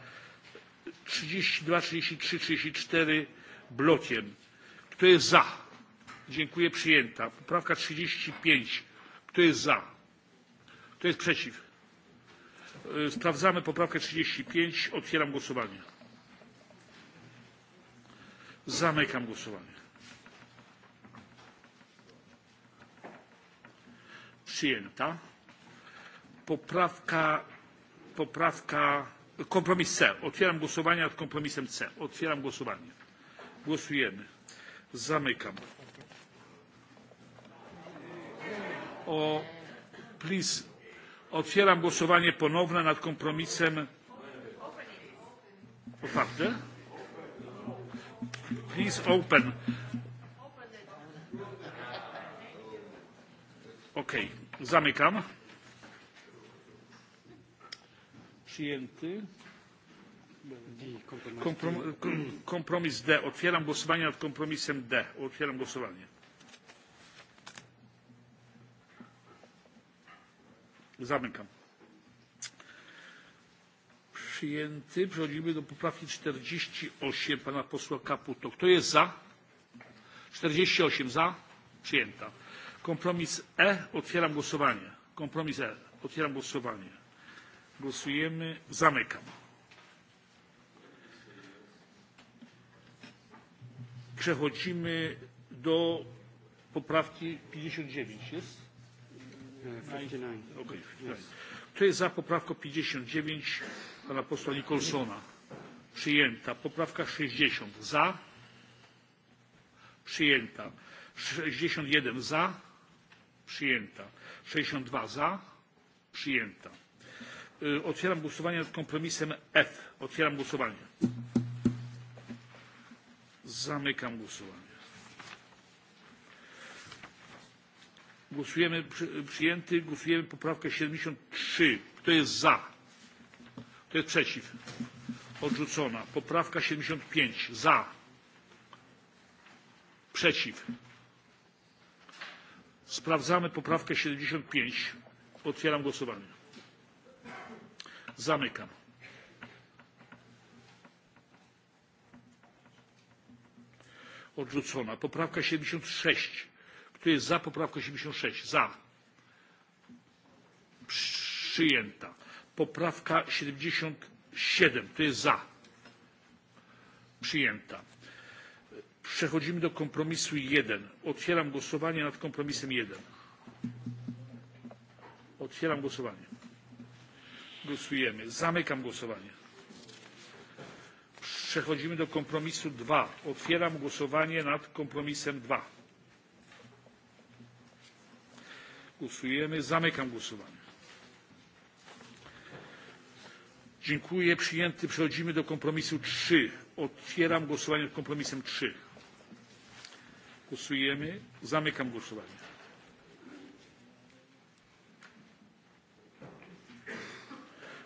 32, 33, 34 blokiem. Kto jest za? Dziękuję. Przyjęta. Poprawka 35. Kto jest za? kto jest przeciw? E, sprawdzamy poprawkę 35. otwieram głosowanie zamykam głosowanie przyjęta poprawka poprawka kompromis c otwieram głosowanie nad kompromisem c otwieram głosowanie głosujemy zamykam o please Otwieram głosowanie ponowne nad kompromisem otwarte. Please open. OK. Zamykam. Przyjęty. kompromis D. Otwieram głosowanie nad kompromisem D. Otwieram głosowanie. Zamykam. Przyjęty. Przechodzimy do poprawki 48 pana posła Kaputo. Kto jest za? 48 za. Przyjęta. Kompromis E. Otwieram głosowanie. Kompromis E. Otwieram głosowanie. Głosujemy. Zamykam. Przechodzimy do poprawki 59. Jest? 59. Kto jest za poprawką 59 pana posła Nicholsona? Przyjęta. Poprawka 60. Za? Przyjęta. 61 za? Przyjęta. 62 za? Przyjęta. Otwieram głosowanie nad kompromisem F. Otwieram głosowanie. Zamykam głosowanie. Głosujemy przy, przyjęty. Głosujemy poprawkę 73. Kto jest za? Kto jest przeciw? Odrzucona. Poprawka 75. Za. Przeciw. Sprawdzamy poprawkę 75. Otwieram głosowanie. Zamykam. Odrzucona. Poprawka 76. Kto jest za poprawką 76? Za. Przyjęta. Poprawka 77. Kto jest za? Przyjęta. Przechodzimy do kompromisu 1. Otwieram głosowanie nad kompromisem 1. Otwieram głosowanie. Głosujemy. Zamykam głosowanie. Przechodzimy do kompromisu 2. Otwieram głosowanie nad kompromisem 2. Głosujemy. Zamykam głosowanie. Dziękuję. Przyjęty. Przechodzimy do kompromisu 3. Otwieram głosowanie nad kompromisem 3. Głosujemy. Zamykam głosowanie.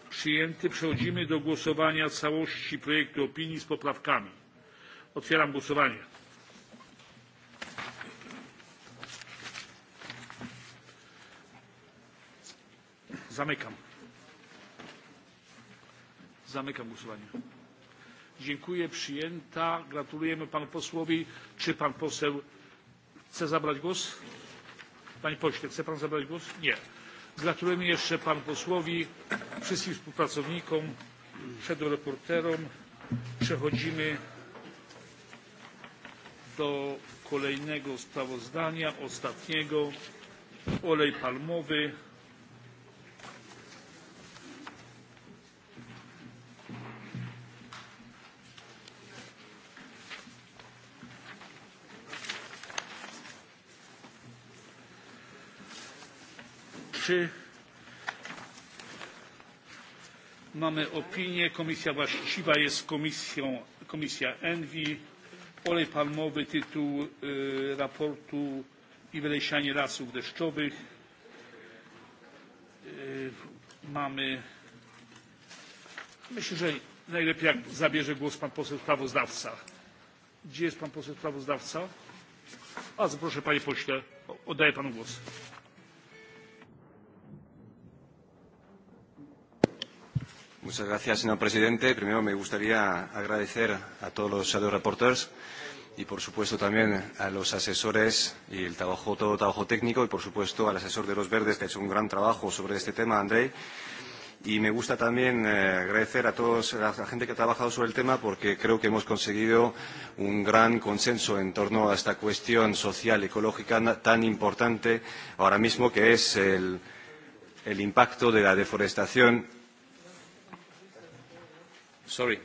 Przyjęty. Przechodzimy do głosowania całości projektu opinii z poprawkami. Otwieram głosowanie. Zamykam. Zamykam głosowanie. Dziękuję. Przyjęta. Gratulujemy panu posłowi. Czy pan poseł chce zabrać głos? Panie pośle, chce pan zabrać głos? Nie. Gratulujemy jeszcze panu posłowi, wszystkim współpracownikom, reporterom. Przechodzimy do kolejnego sprawozdania, ostatniego. Olej palmowy. Gospodarczy. Mamy opinię. Komisja właściwa jest komisją, komisja ENVI. Olej palmowy, tytuł y, raportu i wylesianie lasów deszczowych. Y, mamy. Myślę, że najlepiej jak zabierze głos pan poseł sprawozdawca. Gdzie jest pan poseł sprawozdawca? Bardzo proszę panie pośle, oddaję panu głos. Muchas gracias, señor presidente. Primero me gustaría agradecer a todos los shadow reporters y, por supuesto, también a los asesores y el trabajo, todo el trabajo técnico y, por supuesto, al asesor de los verdes que ha hecho un gran trabajo sobre este tema, Andrei. Y me gusta también eh, agradecer a todos a la gente que ha trabajado sobre el tema porque creo que hemos conseguido un gran consenso en torno a esta cuestión social ecológica tan importante ahora mismo que es el, el impacto de la deforestación Sorry.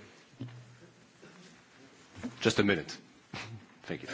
Just a minute. [laughs] Thank you.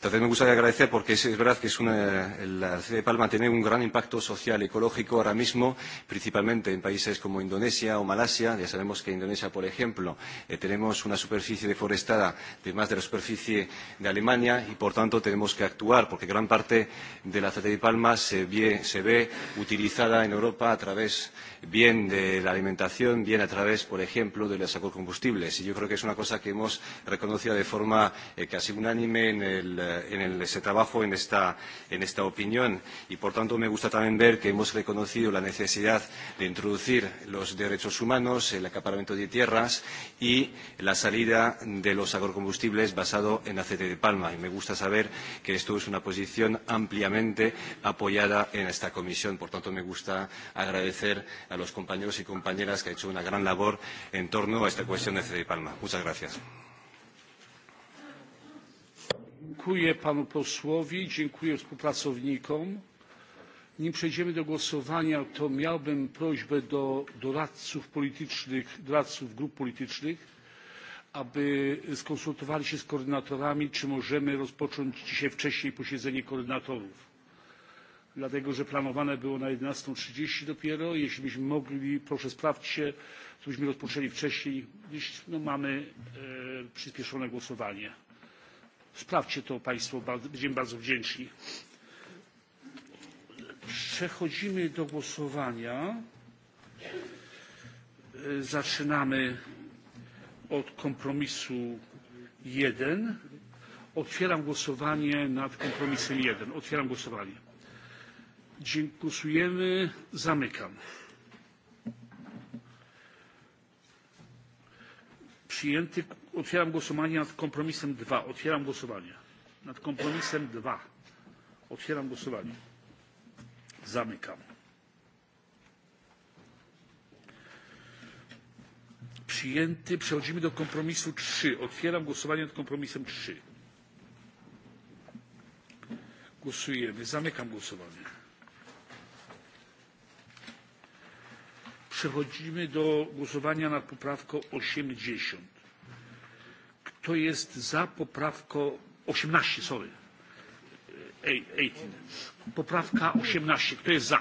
También me gustaría agradecer porque es, es verdad que es una, la ciudad de Palma tiene un gran impacto social y ecológico ahora mismo, principalmente en países como Indonesia o Malasia. Ya sabemos que en Indonesia, por ejemplo, eh, tenemos una superficie deforestada de más de la superficie de Alemania y, por tanto, tenemos que actuar porque gran parte de la ciudad de Palma se ve, se ve utilizada en Europa a través bien de la alimentación, bien a través, por ejemplo, de los agrocombustibles. Y yo creo que es una cosa que hemos reconocido de forma eh, casi unánime en el eh, en el, ese trabajo, en esta, en esta opinión. Y, por tanto, me gusta también ver que hemos reconocido la necesidad de introducir los derechos humanos, el acaparamiento de tierras y la salida de los agrocombustibles basado en aceite de palma. Y me gusta saber que esto es una posición ampliamente apoyada en esta comisión. Por tanto, me gusta agradecer a los compañeros y compañeras que han hecho una gran labor en torno a esta cuestión de aceite de palma. Muchas gracias. Dziękuję panu posłowi, dziękuję współpracownikom. Nim przejdziemy do głosowania, to miałbym prośbę do doradców politycznych, doradców grup politycznych, aby skonsultowali się z koordynatorami, czy możemy rozpocząć dzisiaj wcześniej posiedzenie koordynatorów. Dlatego, że planowane było na jedenaście trzydzieści dopiero. Jeśli byśmy mogli, proszę sprawdźcie, żebyśmy rozpoczęli wcześniej, gdyż no, mamy e, przyspieszone głosowanie. Sprawdźcie to Państwo, będziemy bardzo wdzięczni. Przechodzimy do głosowania. Zaczynamy od kompromisu jeden Otwieram głosowanie nad kompromisem jeden Otwieram głosowanie. Głosujemy. Zamykam. Przyjęty otwieram głosowanie nad kompromisem dwa otwieram głosowanie nad kompromisem dwa otwieram głosowanie zamykam przyjęty przechodzimy do kompromisu trzy otwieram głosowanie nad kompromisem trzy głosujemy zamykam głosowanie przechodzimy do głosowania nad poprawką osiemdziesiąt E, Kto jest za poprawką 18, sorry. 18. Poprawka 18. Kto jest za?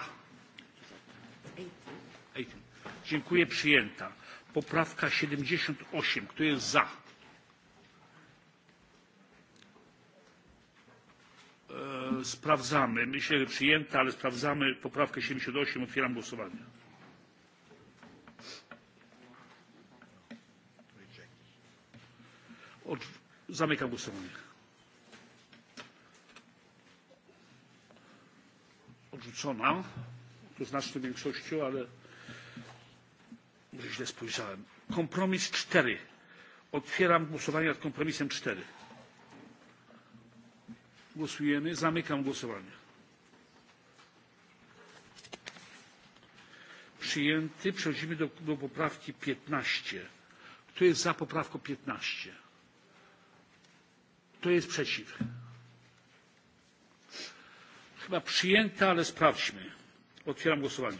18. Dziękuję, przyjęta. Poprawka 78. Kto jest za? Sprawdzamy. Myślę, że przyjęta, ale sprawdzamy poprawkę 78. Otwieram głosowanie. Zamykam głosowanie. Odrzucona. To znaczną większością, ale może źle spojrzałem. Kompromis cztery Otwieram głosowanie nad kompromisem cztery Głosujemy. Zamykam głosowanie. Przyjęty. Przechodzimy do, do poprawki piętnaście Kto jest za poprawką piętnaście? Kto jest przeciw? Chyba przyjęta, ale sprawdźmy. Otwieram głosowanie.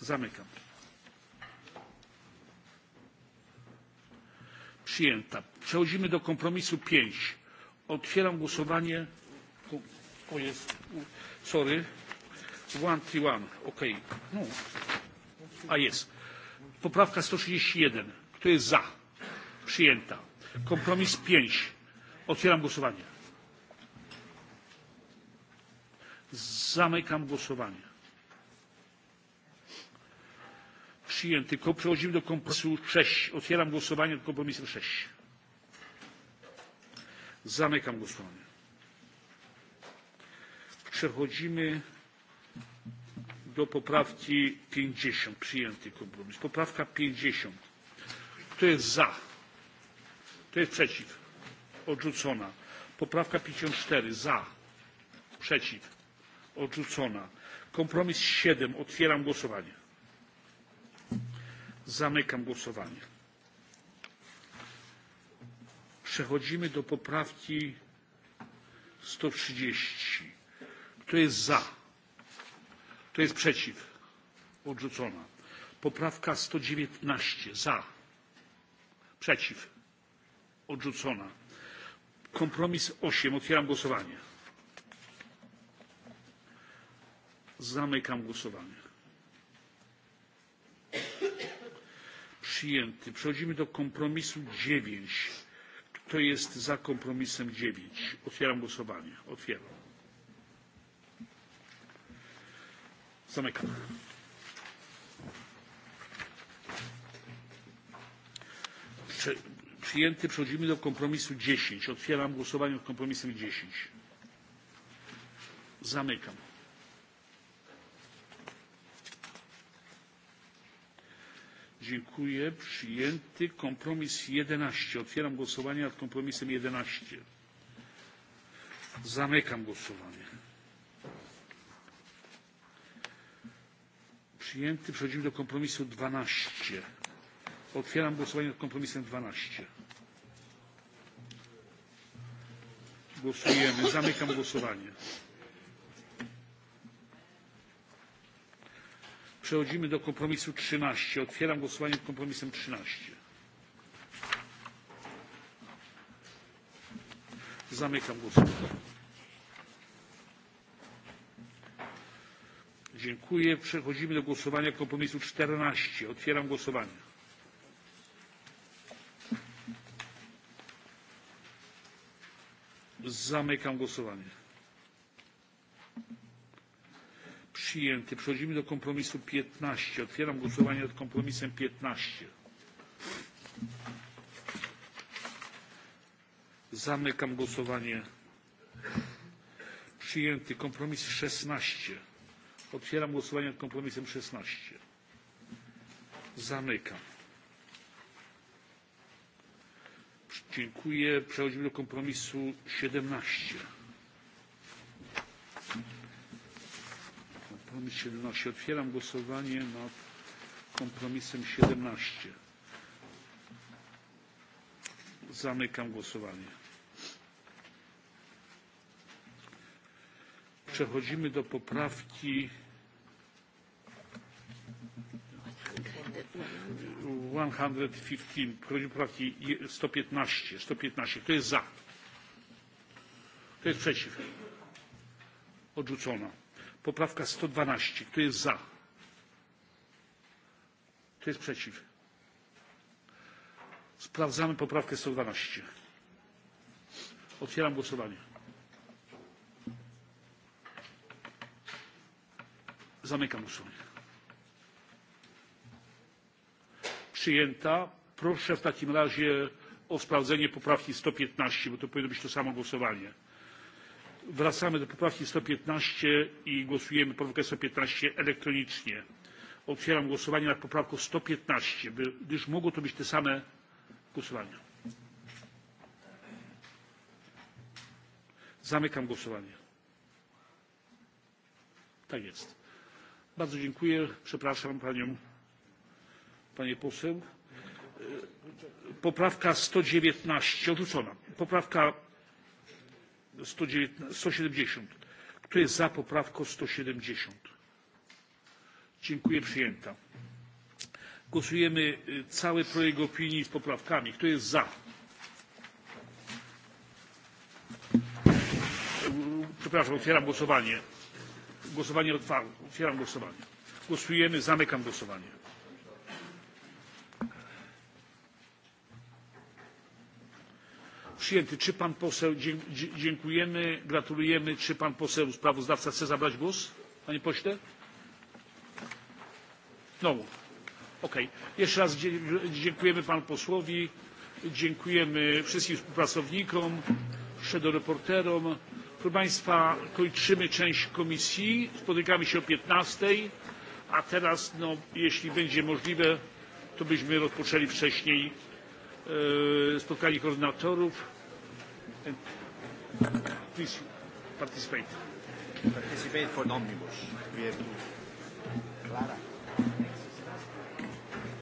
Zamykam. Przyjęta. Przechodzimy do kompromisu 5. Otwieram głosowanie. O jest, sorry. one. OK. No. A jest Poprawka 131. Kto jest za? Przyjęta. Kompromis 5. Otwieram głosowanie. Zamykam głosowanie. Przyjęty. Przechodzimy do kompromisu 6. Otwieram głosowanie nad kompromisem 6. Zamykam głosowanie. Przechodzimy do poprawki 50. Przyjęty kompromis. Poprawka 50. Kto jest za? Kto jest przeciw? Odrzucona. Poprawka 54. Za. Przeciw. Odrzucona. Kompromis 7. Otwieram głosowanie. Zamykam głosowanie. Przechodzimy do poprawki 130. Kto jest za? kto jest przeciw? odrzucona. poprawka sto dziewiętnaście za przeciw odrzucona. kompromis osiem otwieram głosowanie. zamykam głosowanie. przyjęty. przechodzimy do kompromisu dziewięć. kto jest za kompromisem dziewięć? otwieram głosowanie. otwieram Zamykam. Przy, przyjęty. Przechodzimy do kompromisu 10. Otwieram głosowanie nad kompromisem 10. Zamykam. Dziękuję. Przyjęty kompromis 11. Otwieram głosowanie nad kompromisem 11. Zamykam głosowanie. Przyjęty. Przechodzimy do kompromisu 12. Otwieram głosowanie nad kompromisem 12. Głosujemy. Zamykam głosowanie. Przechodzimy do kompromisu 13. Otwieram głosowanie nad kompromisem 13. Zamykam głosowanie. Dziękuję. Przechodzimy do głosowania kompromisu 14. Otwieram głosowanie. Zamykam głosowanie. Przyjęty. Przechodzimy do kompromisu 15. Otwieram głosowanie nad kompromisem 15. Zamykam głosowanie. Przyjęty. Kompromis 16. Otwieram głosowanie nad kompromisem 16. Zamykam. Dziękuję. Przechodzimy do kompromisu 17. Kompromis 17. Otwieram głosowanie nad kompromisem 17. Zamykam głosowanie. Przechodzimy do poprawki 115, prowadził poprawki sto piętnaście Kto jest za? Kto jest przeciw? Odrzucona. Poprawka sto dwanaście Kto jest za? Kto jest przeciw? Sprawdzamy poprawkę sto dwanaście Otwieram głosowanie. Zamykam głosowanie. przyjęta. Proszę w takim razie o sprawdzenie poprawki 115, bo to powinno być to samo głosowanie. Wracamy do poprawki 115 i głosujemy poprawkę 115 elektronicznie. Otwieram głosowanie nad poprawką 115, gdyż mogło to być te same głosowania. Zamykam głosowanie. Tak jest. Bardzo dziękuję. Przepraszam panią Panie poseł. E, poprawka 119 odrzucona. Poprawka 119, 170. Kto jest za poprawką 170? Dziękuję, przyjęta. Głosujemy cały projekt opinii z poprawkami. Kto jest za? Przepraszam, otwieram głosowanie. Głosowanie otwarte. Otwieram głosowanie. Głosujemy, zamykam głosowanie. przyjęty. Czy pan poseł, dziękujemy, gratulujemy. Czy pan poseł sprawozdawca chce zabrać głos? Panie pośle? No. ok. Jeszcze raz dziękujemy panu posłowi, dziękujemy wszystkim współpracownikom, szedoreporterom. Proszę państwa, kończymy część komisji. Spotykamy się o 15, a teraz, no, jeśli będzie możliwe, to byśmy rozpoczęli wcześniej e, spotkanie koordynatorów. And please participate. Participate for an omnibus. We have to. Clara.